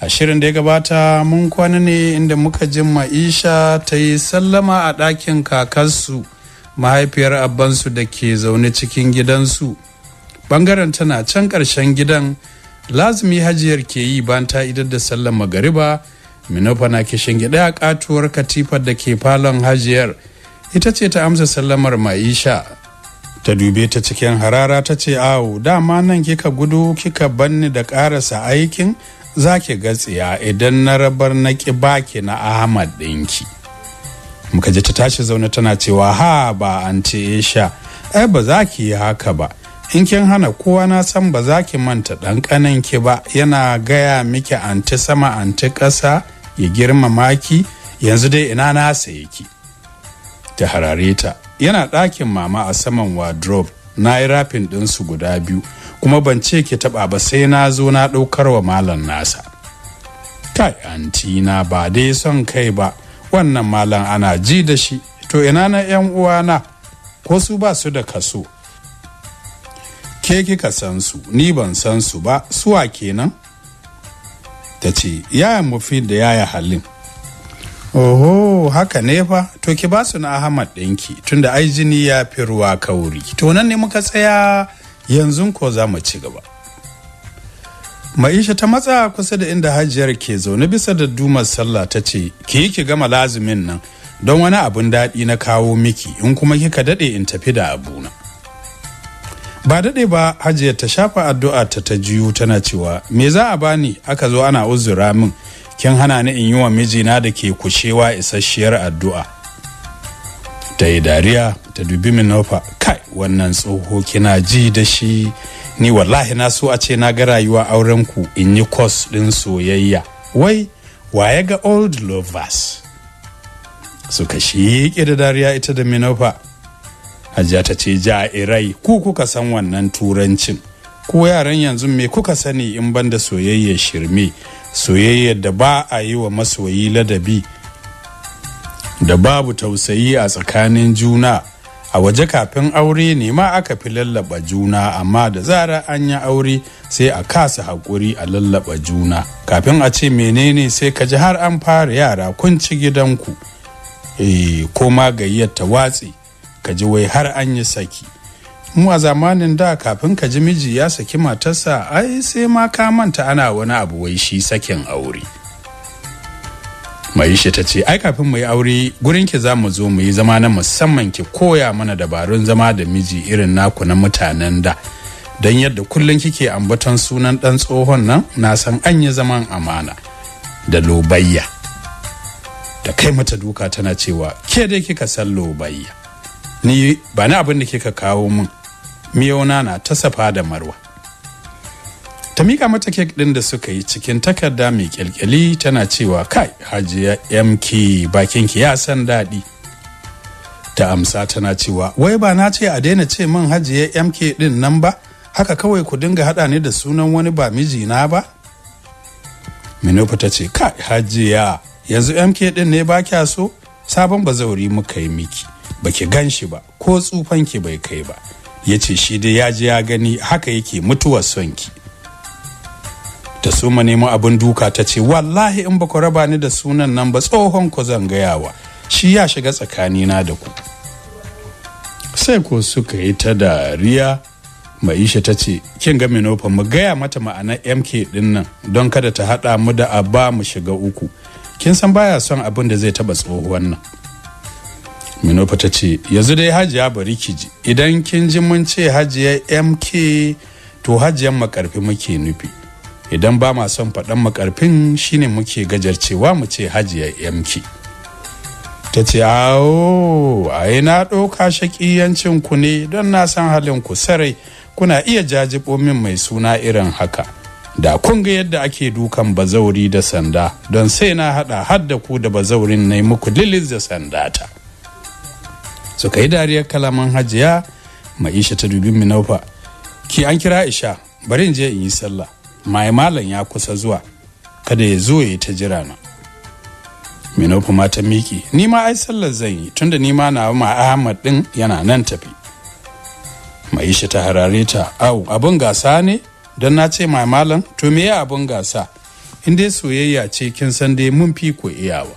a shirin da ya gabata mun kwana ne inda muka jin ma'isha ta yi sallama a ɗakin kakarsu mahaifiyar abansu da ke zaune cikin gidansu bangaren tana can ƙarshen gidan lazumi hajiyar ke yi banta ta idar da sallan magariba minofa na ke shingiɗe a katuwar katifar da ke falon hajiyar ita ce ta amsa sallamar maisha ta dube ta cikin harara ta ce awo dama nan kika gudu kika banni da ƙarasa aikin za ki tsiya idan na rabar na ki baki na ahmad ɗinki muka ji ta tashi zaune tana cewa ha ba an ce sha ai ba za ki yi haka ba in kin hana kowa na san ba za ki manta ɗan ƙananki ki ba yana gaya miki anti sama anti ƙasa ya girmama ki yanzu dai ina na saye ki ta harare ta yana ɗakin mama a saman wardrobe na yi rafin ɗinsu guda biyu kuma ban ce ki taɓa ba sai na zo na ɗaukar wa malam nasa kai anti na ba dai son kai ba wannan malam ana ji da shi to ina na yan uwana ko su ba su da kaso ke kika san su ni ban san su ba suwa kenan ta ce yaya mufid da yaya halin oho haka ne fa to ki ba su na ahmad ɗinki tunda ai jini ya fi ruwa kauri to nan ne muka tsaya yanzu ko za mu ci gaba maisha ta matsa kusa da inda hajiyar ke zaune bisa da dumar sallah ta ce ki yi ki gama lazumin nan don wani abun daɗi na kawo miki in kuma kika daɗe in tafi da abuna ba daɗe ba Hajiyar ta shafa addu'a ta ta jiyu tana cewa me za a bani aka zo ana uzura min kin hana ni in yi wa mijina da ke kushewa isasshiyar addu'a ta yi dariya ta dubi minofa kai wannan tsoho kina ji da shi ni wallahi na so a ce na ga rayuwa auren ku in yi kwas din soyayya wai waye ga old lovers suka shi da dariya ita da minofa hajiya ta ce ja'irai ku kuka san wannan turancin ko yaran yanzu me kuka sani in ban da soyayya shirme soyayyar da ba a yi wa masoyi ladabi da babu tausayi a tsakanin juna a waje kafin aure ne ma aka fi lallaba juna amma da zara an yi aure sai a kasa haƙuri a lallaba juna kafin a ce menene sai ka ji har an fara yara kun ci gidanku e, ko ma gayyar ta watsi ka ji wai har an yi saki mu a zamanin da kafin ka ji miji ya saki matarsa ai sai ma ka manta ana wani abu wai shi sakin aure mai shi ta ce ai kafin mu yi aure gurin ki za mu zo mu yi zama na musamman ki koya mana dabarun zama da miji irin naku na mutanen da don yadda kullum kike ambaton sunan dan tsohon nan na san an yi zaman amana da lobayya da kai mata duka tana cewa ke dai kika san lobayya ni ba na abin da kika kawo mun. miyona na ta safa da marwa ta mika mata kek din da suka yi cikin takarda mai kyalkyali tana cewa kai hajiya mk bakinki ya san daɗi ta amsa tana cewa wai ba na ce a daina ce min hajiya mk ɗin nan ba haka kawai ku dinga haɗa ni da sunan wani ba mijina ba minofa ta ce kai hajiya yanzu mk ɗin ne ba kya so sabon bazauri muka yi miki baki gan shi ba ko tsufanki bai kai ba ya ce shi dai ya ji ya gani haka yake mutuwar sonki Ta su ma nemo abin duka ta ce wallahi in ba ku raba ni da sunan nan ba tsohon ku zan gayawa shi ya shiga tsakani na da ku sai ko suka yi ta dariya maisha ta ce kin ga minofa mu gaya mata ma'anar mk din nan don kada ta haɗa mu da a ba mu shiga uku kin san baya son abin da zai taɓa tsohon nan minofa ta ce yanzu dai hajiya bari ki ji idan kin ji mun ce hajiya mk to hajiyan makarfi muke nufi idan ba ma son faɗan makarfin shine muke gajarcewa mu ce hajiya mk ta ce awo ai na ɗauka shaƙiyancin ku ne don na san halin ku sarai kuna iya jajibo min mai suna irin haka da kun ga yadda ake dukan bazauri da sanda don sai na haɗa hadda ku da bazaurin na muku lilis da sandata suka yi dariyar kalaman hajiya ma'isha ta dubi minofa ki an kira isha bari in je in yi sallah mai malam ya kusa zuwa kada ya zo ya ta jira na minofa ma ta miki ni ma ai sallar zan yi tunda ni ma na ma ahmad din yana nan tafi ma'isha ta harare ta au abun gasa ne don na ce mai malam to me ya abun gasa in dai soyayya ce kin san dai mun fi ko iyawa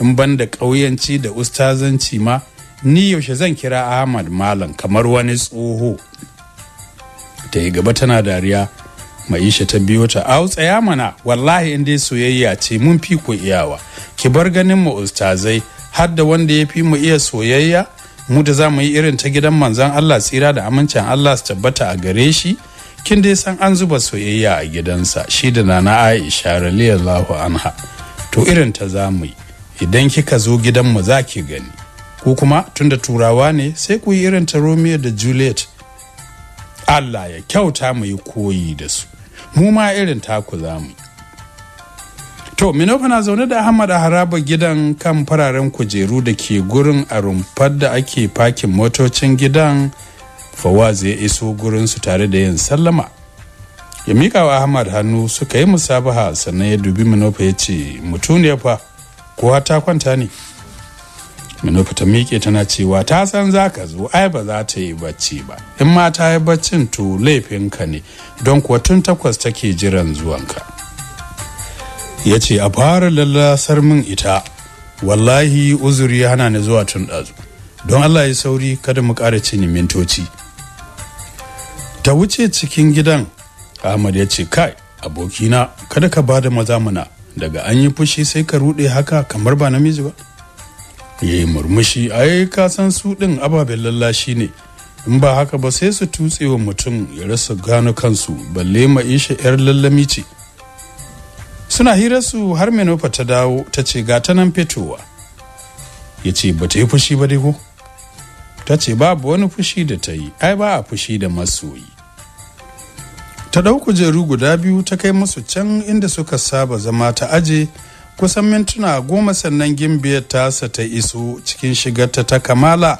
in ban da ƙauyanci da ustazanci ma ni yaushe zan kira ahmad malam kamar wani tsoho ta yi gaba tana dariya maisha ta biyo ta au tsaya mana wallahi in dai soyayya ce mun fi ku iyawa ki bar ganin mu ustazai har da wanda ya fi mu iya soyayya mu da za mu yi irin ta gidan manzon Allah tsira da amincin Allah su tabbata a gare shi kin dai san an zuba soyayya a gidansa shi da nana Aisha raliyallahu anha to irin ta za mu yi idan kika zo gidan mu za ki gani ko kuma tunda turawa ne sai ku yi irin ta romeo da juliet allah ya kyauta mu yi koyi da su mu ma irin taku za mu to minofa na zaune da ahmad haraba gidan kan fararen kujeru da ke gurin a rumfar da ake fakin motocin gidan fawaz ya iso gurinsu tare da yin sallama ya miƙa wa ahmad hannu suka yi musabaha sannan ya dubi minofa ya ce mutuniyar fa kowa ta kwanta ne Minufa ta miƙe tana cewa ta san za ka zo ai ba za ta yi bacci ba. In ma ta yi baccin to laifinka ne don kuwa tun takwas take jiran zuwanka. Ya ce a fara lallasar min ita wallahi uzuri ya hana ni zuwa tun ɗazu. Don Allah ya sauri kada mu ƙara ni mintoci. Ta wuce cikin gidan Ahmad ya ce kai abokina kada ka bada maza mana daga an yi fushi sai ka ruɗe haka kamar ba namiji ba. ya yi murmushi a ka san su ɗin ababen lallashi ne in ba haka ba sai su tutse wa mutum ya rasa gano kansu balle ma'isha 'yar lallami ce suna hirarsu har Nufa ta dawo ta ce gata nan fetowa ya ce ba ta yi fushi ba dai ko ta ce babu wani fushi da ta yi ai ba a fushi da masoyi ta ɗau kujeru guda biyu ta kai musu can inda suka saba zama ta aje kusan mintuna goma sannan gimbiyar tasa ta iso cikin shigarta ta kamala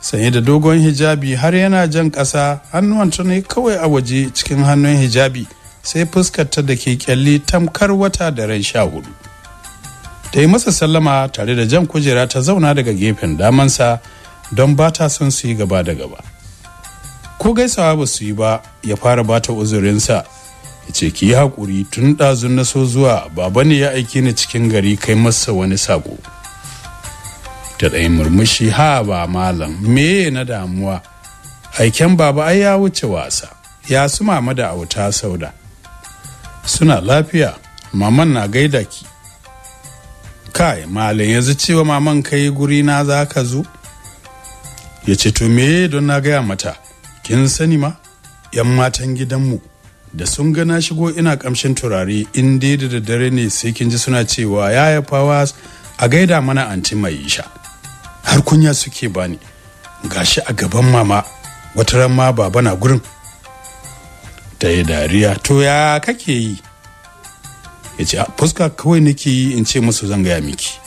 sanye da dogon hijabi har yana jan ƙasa hannuwan ne kawai a waje cikin hannun hijabi sai fuskarta da ke kyalli tamkar wata da ran sha hudu ta yi masa sallama tare da jan kujera ta zauna daga gefen damansa don ba ta son su yi gaba da gaba ko gaisawa ba su yi ba ya fara bata uzurinsa ya ce ki yi haƙuri tun ɗazun na so zuwa baba ne ya aike ni cikin gari kai masa wani saƙo ta ɗayin murmushi ha ba malam meye na damuwa aiken baba ai ya wuce wasa ya su mama da auta sauda suna lafiya maman na gaida ki kai malam yanzu cewa maman kai guri na za ka zo ya ce to me don na gaya mata kin sani ma yan matan gidanmu da sun ga na shigo ina kamshin turare in dai da daddare ne sai kin ji suna cewa yaya fawa a gaida mana anti mai isha har kunya suke bani gashi a gaban mama wata ran ma baba na gurin ta yi dariya to ya kake yi ya ce fuska kawai nake yi in ce musu zan gaya miki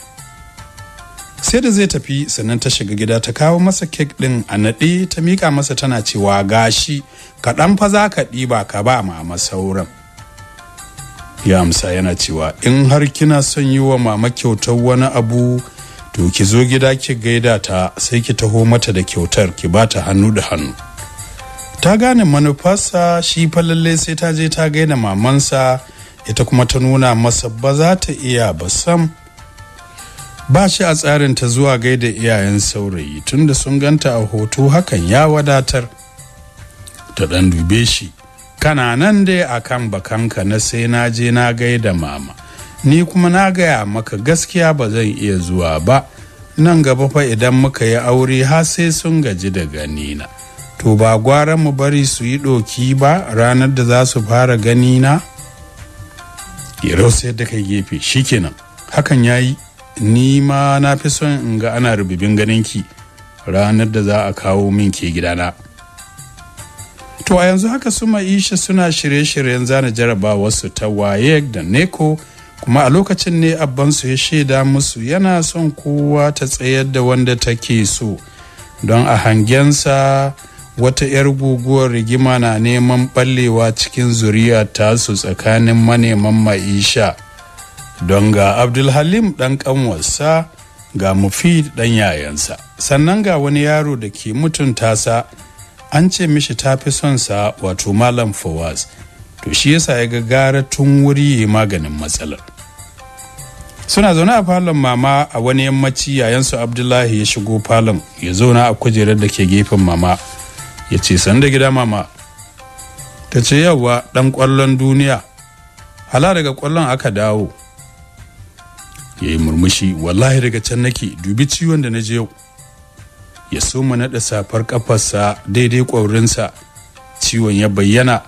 sai da zai tafi sannan ta shiga gida ta kawo masa kek din a naɗe ta miƙa masa tana cewa gashi kaɗan fa za ka ɗiba ka ba mama sauran ya amsa yana cewa in har kina son yi wa mama kyautar wani abu to ki zo gida ki gaida ta sai ki taho mata da kyautar ki ba ta hannu da hannu ta gane manufarsa shi fa lallai sai ta je ta gaida mamansa ita kuma ta nuna masa ba za ta iya ba sam ba shi a tsarin ta zuwa gaida iyayen saurayi tunda sun ganta a hoto hakan ya wadatar ta dan dube shi kana nan dai a kan bakanka na sai na je na gaida mama ni kuma na gaya maka gaskiya ba zan iya zuwa ba nan gaba fa idan muka yi aure har sai sun gaji da nina to ba gwara mu bari su yi ɗoki ba ranar da za su fara ganina? na sai da kai gefe shikenan hakan ya yi ni ma na fi son in ga ana rububin ki ranar da za a kawo min ke gidana to a yanzu haka su ma'isha suna shirye-shiryen zana wasu ta wayek da neko kuma a lokacin ne abbansu ya shaida musu yana son kowa ta tsayar da wanda take so don a hangensa wata 'yar guguwar rigima na neman ɓallewa cikin zuriya tasu tsakanin maneman ma'isha don ga abdulhalim ɗan ƙanwarsa ga mufid ɗan yayansa sannan ga wani yaro da ke mutunta sa an ce mishi ta fi son sa wato malam fawaz to shi yasa ya ga gara tun wuri ya maganin matsalar suna zaune a falon mama a wani yammaci yayansu abdullahi ya shigo falon ya zauna a kujerar da ke gefen mama ya ce san da gida mama ta ce yawa dan kwallon duniya hala daga kwallon aka dawo ya yi murmushi wallahi daga can nake dubi ciwon da na je yau ya so mu naɗa safar ƙafarsa daidai ƙwaurinsa ciwon ya bayyana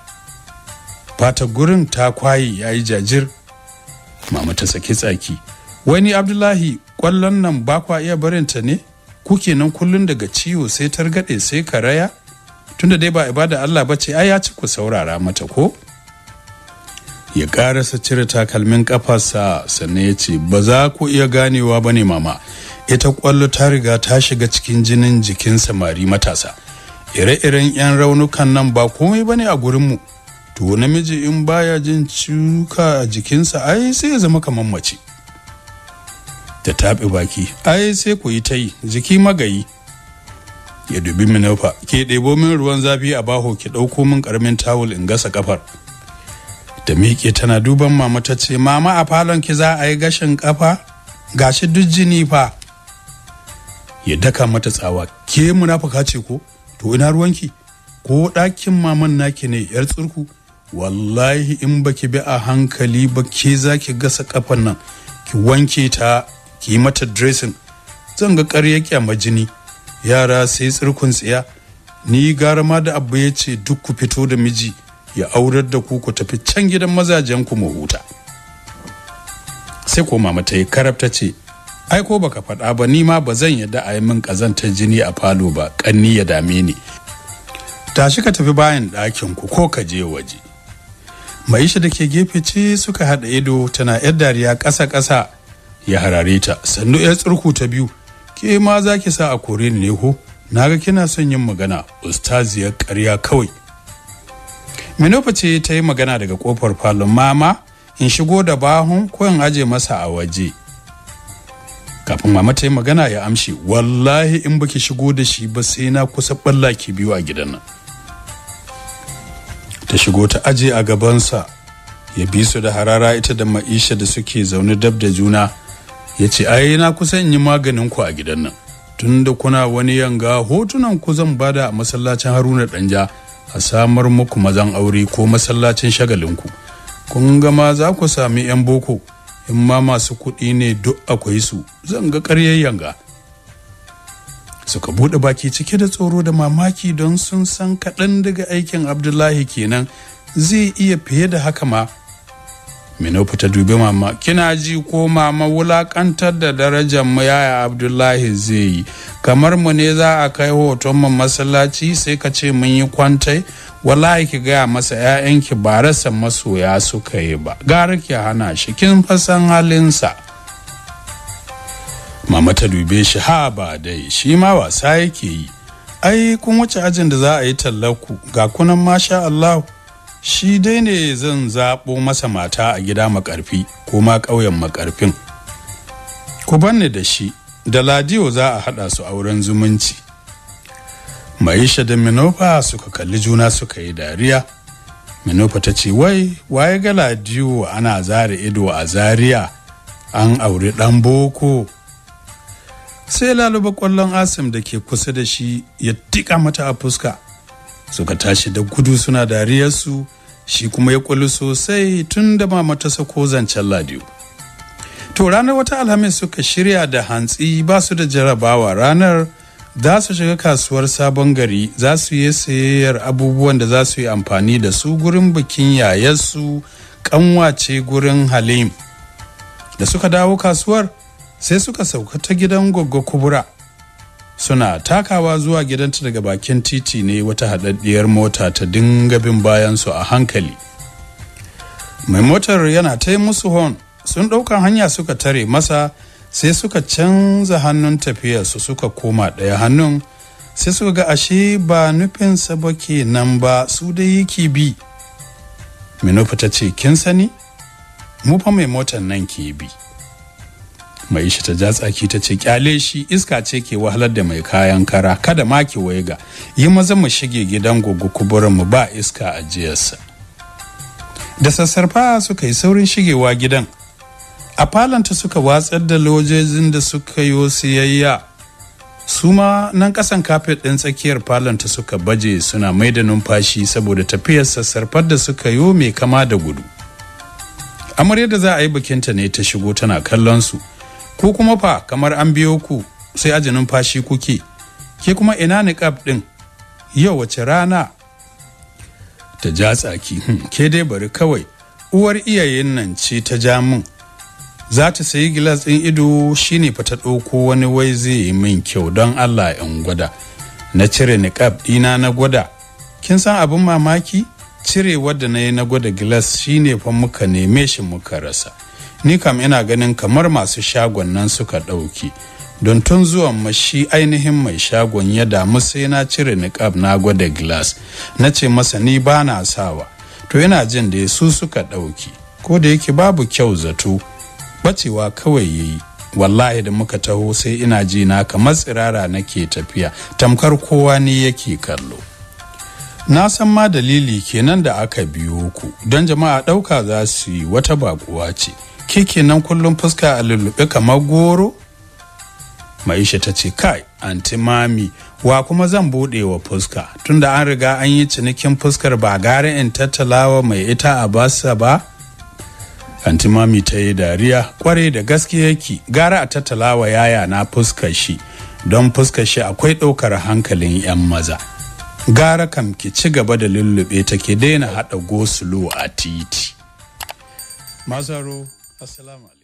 fata gurin ta kwaye ya yi jajir mama ta saki tsaki wani abdullahi ƙwallon nan ba kwa iya barinta ne kuke nan kullum daga ciwo sai targaɗe sai ka raya? tunda dai ba ibada allah ba ce ai ya ci ku saurara mata ko ya karasa cire takalmin kafarsa sannan ya ce ba za ku iya ganewa ba ne mama ita kwallo ta riga ta shiga cikin jinin jikin samari matasa ire-iren 'yan raunukan nan ba komai ba ne a gurinmu to namiji in baya jin cuka a jikinsa ai sai ya zama kamar mace ta taɓi baki ai sai ku yi ta yi jiki magayi ya dubi minofa ke ɗebo min ruwan zafi a baho ki ɗauko min ƙaramin tawul in gasa ƙafar. da miƙe tana duban mama ta ce mama a falon ki za a yi gashin kafa gashi duk jini fa ya daka mata tsawa ke munafuka ce ko to ina ruwanki ko ɗakin maman naki ne yar tsurku wallahi in baki bi a hankali ba ke za ki gasa kafan nan ki wanke ta ki mata dressing zan ga ƙarya kyama jini yara sai tsirkun tsiya ni gara ma da abu ya ce duk ku fito da miji ya aurar da ku ku tafi can gidan mazajen ku mu huta sai ko mama ta yi karabta ce ai ko baka faɗa ba ni ma ba zan yadda a yi min ƙazantar jini a falo ba ƙanni ya dame ni tashi ka tafi bayan ɗakin ku ko ka je waje maisha da ke gefe ce suka haɗa ido tana yar dariya ƙasa ƙasa ya harare ta sannu yar tsurku ta biyu ke ma za ki sa a kore ni ne ko na ga kina son yin magana ustaziyar ƙarya kawai minofa ce ta yi magana daga kofar falon mama in shigo da bahun ko in aje masa a waje kafin mama ta yi magana ya amshi wallahi in baki shigo da shi ba sai na kusa ballaki biyu a gidan nan ta shigo ta aje a gabansa ya bi su da harara ita da ma'isha da suke zaune dab da juna ya ce ai na kusa in yi maganin ku a gidan nan tunda kuna wani yanga hotunan ku zan bada a masallacin haruna danja a samar muku mazan aure ko masallacin shagalinku kun gama za ku sami 'yan boko in ma masu kuɗi ne duk akwai su zan ga ƙaryayyan ga suka buɗe baki cike da tsoro da mamaki don sun san kaɗan daga aikin abdullahi kenan zai iya fiye da haka ma minofu ta dubi mama kina ji ko mama wulakantar da darajar mu yaya abdullahi zai yi kamar mu ne za a kai hoton mu masallaci sai ka ce mun yi kwantai wallahi ki gaya masa 'ya'yanki ba rasa masoya suka yi ba gara ki hana shi kin fasan halinsa mama ta dube shi ha ba dai shi ma wasa yake yi ai kun wuce ajin da za a yi tallaku ga kunan masha allahu shi dai ne zan zaɓo masa mata a gida makarfi ko ma ƙauyen makarfin ku banne da shi da ladiyo za a haɗa su auren zumunci maisha da minofa suka kalli juna suka yi dariya minofa ta ce wai waye ga ladiyo ana zare ido a zariya an auri ɗan boko sai laluba ƙwallon asim da ke kusa da shi ya tiƙa mata a fuska suka tashi da gudu suna dariyarsu shi kuma ya kwallo sosai tun da mama ta sako zancen ladiyo to ranar wata alhamis suka shirya da hantsi ba su da jarabawa ranar za su shiga kasuwar sabon gari za su yi sayayyar abubuwan da za su yi amfani da su gurin bikin yayarsu kanwace gurin halim da suka dawo kasuwar sai suka sauka ta gidan goggo kubura suna takawa zuwa gidanta daga bakin titi ne wata haɗaɗɗiyar mota ta dinga bin bayansu a hankali mai motar yana ta musu hon sun ɗaukan hanya suka tare masa sai suka canza hannun tafiyarsu suka koma ɗaya hannun sai suka ga ashe ba nufin ke nan ba su da yake bi nufi ta ce kin sani mu fa mai motar nan ke bi mai shi ta jatsaki ta ce kyale shi iska ce ke wahalar da mai kayan kara kada ma ki ga. yi maza mu shige gidan gugu kuburin mu ba iska a jiyarsa da sassarfa suka yi saurin shigewa gidan a falanta suka watsar da lojojin da suka yi siyayya su ma nan kasan kafet ɗin tsakiyar falanta suka baje suna mai da numfashi saboda tafiyar sassarfar da suka yi mai kama da gudu amarya da za a yi bikinta ne ta shigo tana kallon su ku kuma fa kamar an biyo ku sai aji numfashi kuke ke kuma ina niƙaf ɗin yau wace rana ta ja tsaki hmm, ke dai bari kawai uwar iyayen nan ce ta ja min za ta sayi gilas ɗin ido shine fa ta ɗauko wani wai zai yi min kyau don allah in gwada na cire niƙaf ɗina na gwada kin san abin mamaki cire wadda na yi na gwada gilas shine fa muka neme shi muka rasa ni kam ina ganin kamar masu shagon nan suka ɗauki don tun zuwan mashi ainihin mai shagon ya damu sai na cire niƙab na gwada glass na ce masa ni ba na sawa to yana jin da su suka ɗauki ko da yake babu kyau zato bacewa kawai ya yi wallahi da muka taho sai ina ji na kamar tsirara nake tafiya tamkar kowa ne yake kallo na san ma dalili kenan da aka biyo ku don jama'a ɗauka za su yi wata bakuwa ce kike kenan kullum fuska a lullube kamar goro maisha ta ce kai anti mami wa kuma zan buɗe wa fuska tunda an riga an yi cinikin fuskar ba gara in tattalawa mai ita a basa ba anti mami ta yi dariya kwarai da gaske yake gara a tattalawa yaya na fuskar shi don fuskar shi akwai ɗaukar hankalin 'yan maza gara kam ki ci gaba da lullube take daina haɗa gosulu a titi mazaro Assalamu